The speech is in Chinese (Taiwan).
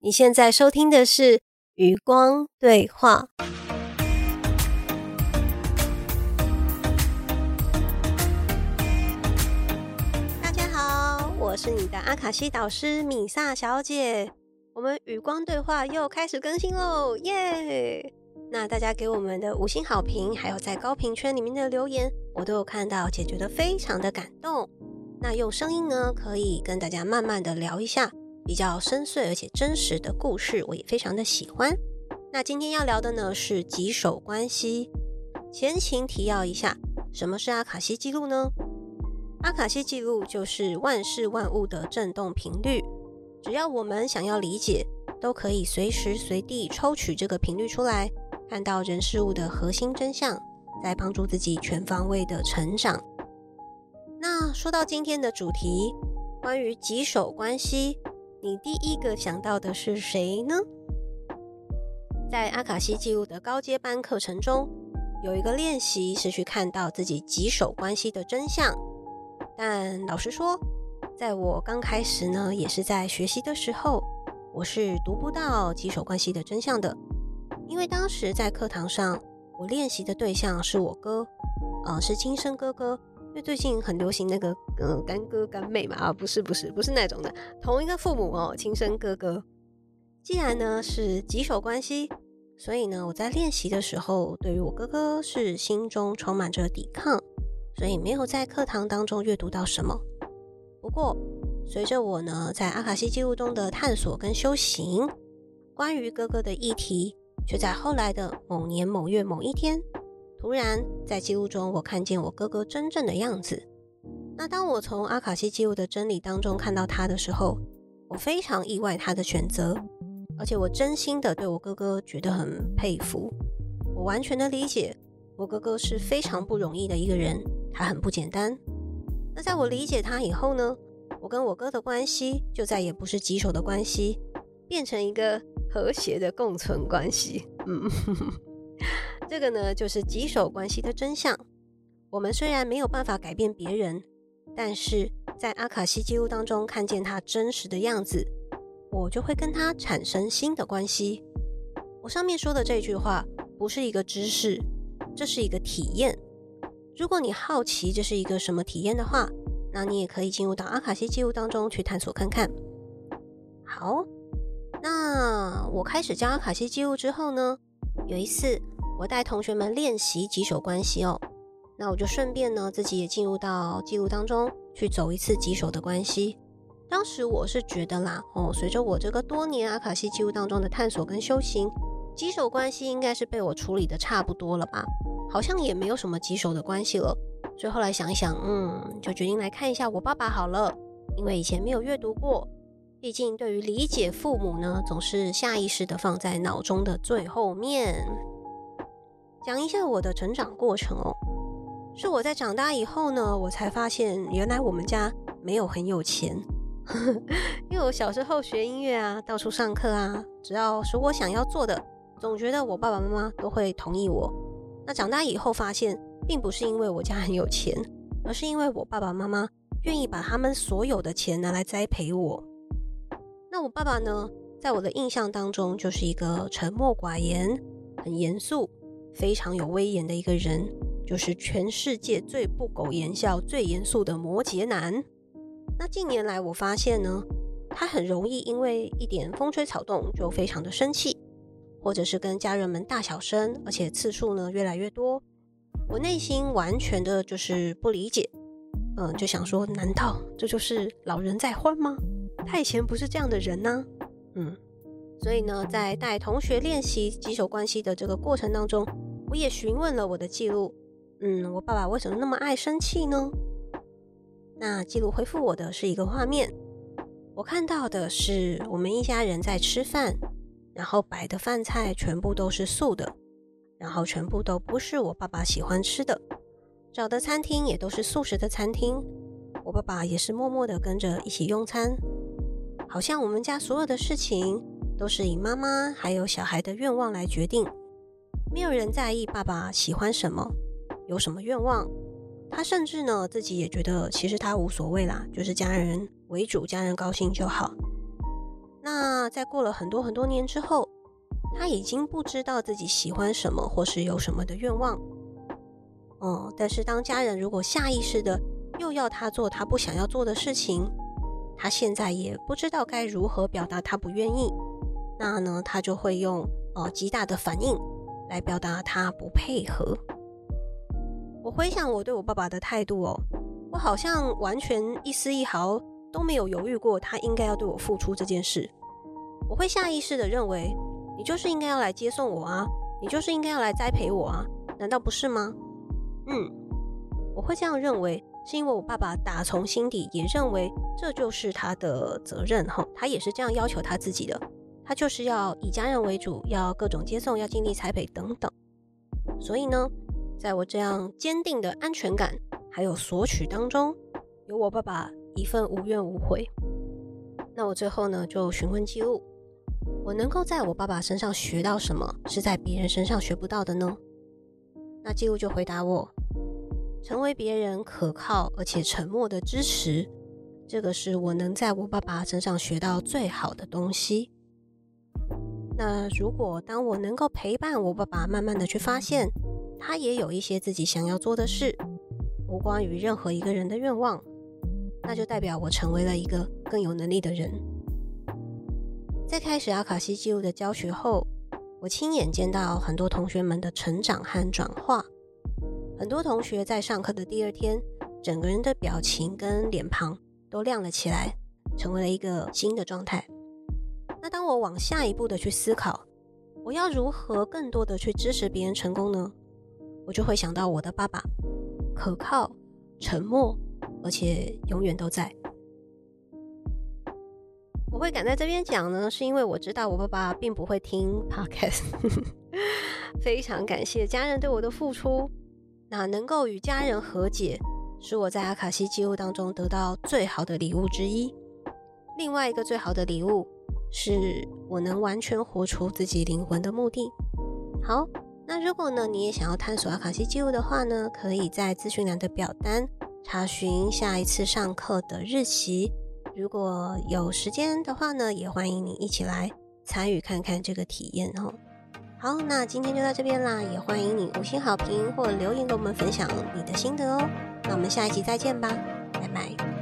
你現在收聽的是《余光對話》。大家好，我是你的阿卡西導師米薩小姐。我們《余光對話》又開始更新嘍，耶、yeah!！那大家給我們的五星好評，還有在高頻圈裡面的留言，我都有看到，也覺得非常的感動。那用聲音呢，可以跟大家慢慢的聊一下。比較深邃而且真實的故事，我也非常的喜歡。那今天要聊的呢是棘手關係。前情提要一下，什麼是阿卡西記錄呢？阿卡西記錄就是萬事萬物的振動頻率，只要我們想要理解，都可以隨時隨地抽取這個頻率出來，看到人事物的核心真相，再幫助自己全方位的成長。那說到今天的主題，關於棘手關係。你第一個想到的是誰呢？在阿卡西記錄的高階班課程中，有一個練習是去看到自己棘手關係的真相。但老實說，在我剛開始呢，也是在學習的時候，我是讀不到棘手關係的真相的，因為當時在課堂上，我練習的對象是我哥，嗯，是親生哥哥。最近很流行那個，呃乾哥乾妹嘛，不是，不是，不是那種的，同一個父母哦、喔，親生哥哥。既然呢是棘手關係，所以呢我在練習的時候，對於我哥哥是心中充滿着抵抗，所以沒有在課堂當中閱讀到什麼。不過隨着我呢在阿卡西記錄中的探索跟修行，關於哥哥的議題，卻在後來的某年某月某一天。突然，在記錄中，我看見我哥哥真正的樣子。那當我從阿卡西記錄的真理當中看到他的時候，我非常意外他的選擇，而且我真心的對我哥哥覺得很佩服。我完全的理解，我哥哥是非常不容易的一個人，他很不簡單。那在我理解他以後呢，我跟我哥的關係就再也不是棘手的關係，變成一個和諧的共存關係。嗯。 這個呢，就是棘手關係的真相。我們雖然沒有辦法改變別人，但是在阿卡西記錄當中看見他真實的樣子，我就會跟他產生新的關係。我上面說的這句話不是一個知識，這是一個體驗。如果你好奇這是一個什麼體驗的話，那你也可以進入到阿卡西記錄當中去探索看看。好，那我開始教阿卡西記錄之後呢，有一次。我帶同學們練習棘手關係哦，那我就順便呢自己也進入到記錄當中去走一次棘手的關係。當時我是覺得啦，哦，隨着我這個多年阿卡西記錄當中的探索跟修行，棘手關係應該是被我處理得差不多了吧？好像也沒有什麼棘手的關係了。所以後來想一想，嗯，就決定來看一下我爸爸好了，因為以前沒有閱讀過，畢竟對於理解父母呢，總是下意識地放在腦中的最後面。講一下我的成長過程哦，是我在長大以後呢，我才發現原來我們家沒有很有錢， 因為我小時候學音樂啊，到處上課啊，只要是我想要做的，總覺得我爸爸媽媽都會同意我。那長大以後發現，並不是因為我家很有錢，而是因為我爸爸媽媽願意把他們所有的錢拿來栽培我。那我爸爸呢，在我的印象當中，就是一個沉默寡言、很嚴肅。非常有威嚴的一個人，就是全世界最不苟言笑、最嚴肅的摩羯男。那近年來我發現呢，他很容易因為一點風吹草動就非常的生氣，或者是跟家人們大小聲，而且次數呢越來越多。我內心完全的就是不理解，嗯，就想說，難道這就是老人在換嗎？他以前不是這樣的人呢、啊，嗯。所以呢，在帶同學練習棘手關係的這個過程當中。我也詢問了我的記錄，嗯，我爸爸為什麼那麼愛生氣呢？那記錄回復我的是一個畫面，我看到的是我們一家人在吃飯，然後擺的飯菜全部都是素的，然後全部都不是我爸爸喜歡吃的，找的餐廳也都是素食的餐廳，我爸爸也是默默的跟着一起用餐，好像我們家所有的事情都是以媽媽還有小孩的願望來決定。沒有人在意爸爸喜歡什麼，有什麼願望。他甚至呢，自己也覺得其實他無所謂啦，就是家人為主，家人高興就好。那在過了很多很多年之後，他已經不知道自己喜歡什麼，或是有什麼的願望。哦、嗯，但是當家人如果下意識的又要他做他不想要做的事情，他現在也不知道該如何表達他不願意。那呢，他就會用呃極大的反應。來表達他不配合。我回想我對我爸爸的態度哦，我好像完全一絲一毫都沒有猶豫過，他應該要對我付出這件事。我會下意識的認為，你就是應該要來接送我啊，你就是應該要來栽培我啊，難道不是嗎？嗯，我會這樣認為，是因為我爸爸打從心底也認為這就是他的責任哈，他也是這樣要求他自己的。他就是要以家人為主，要各種接送，要盡力彩排等等。所以呢，在我這樣堅定的安全感還有索取當中，有我爸爸一份無怨無悔。那我最後呢，就詢問記錄，我能夠在我爸爸身上學到什麼是在別人身上學不到的呢？那記錄就回答我，成為別人可靠而且沉默的支持，這個是我能在我爸爸身上學到最好的東西。那如果當我能夠陪伴我爸爸，慢慢的去發現，他也有一些自己想要做的事，不關於任何一個人的願望，那就代表我成為了一個更有能力的人。在開始阿卡西記錄的教學後，我親眼見到很多同學們的成長和轉化，很多同學在上課的第二天，整個人的表情跟臉龐都亮了起來，成為了一個新的狀態。當我往下一步的去思考，我要如何更多的去支持別人成功呢？我就會想到我的爸爸，可靠、沉默，而且永遠都在。我會敢在這邊講呢，是因為我知道我爸爸並不會聽 podcast。 非常感謝家人對我的付出。那能夠與家人和解，是我在阿卡西記錄當中得到最好的禮物之一。另外一個最好的禮物，是我能完全活出自己靈魂的目的。好，那如果呢，你也想要探索阿卡西記錄的話呢，可以在諮詢欄的表單查詢下一次上課的日期。如果有時間的話呢，也歡迎你一起來參與看看這個體驗哦。好，那今天就到這邊啦，也歡迎你五星好評或留言跟我們分享你的心得哦。那我們下一集再見吧，拜拜。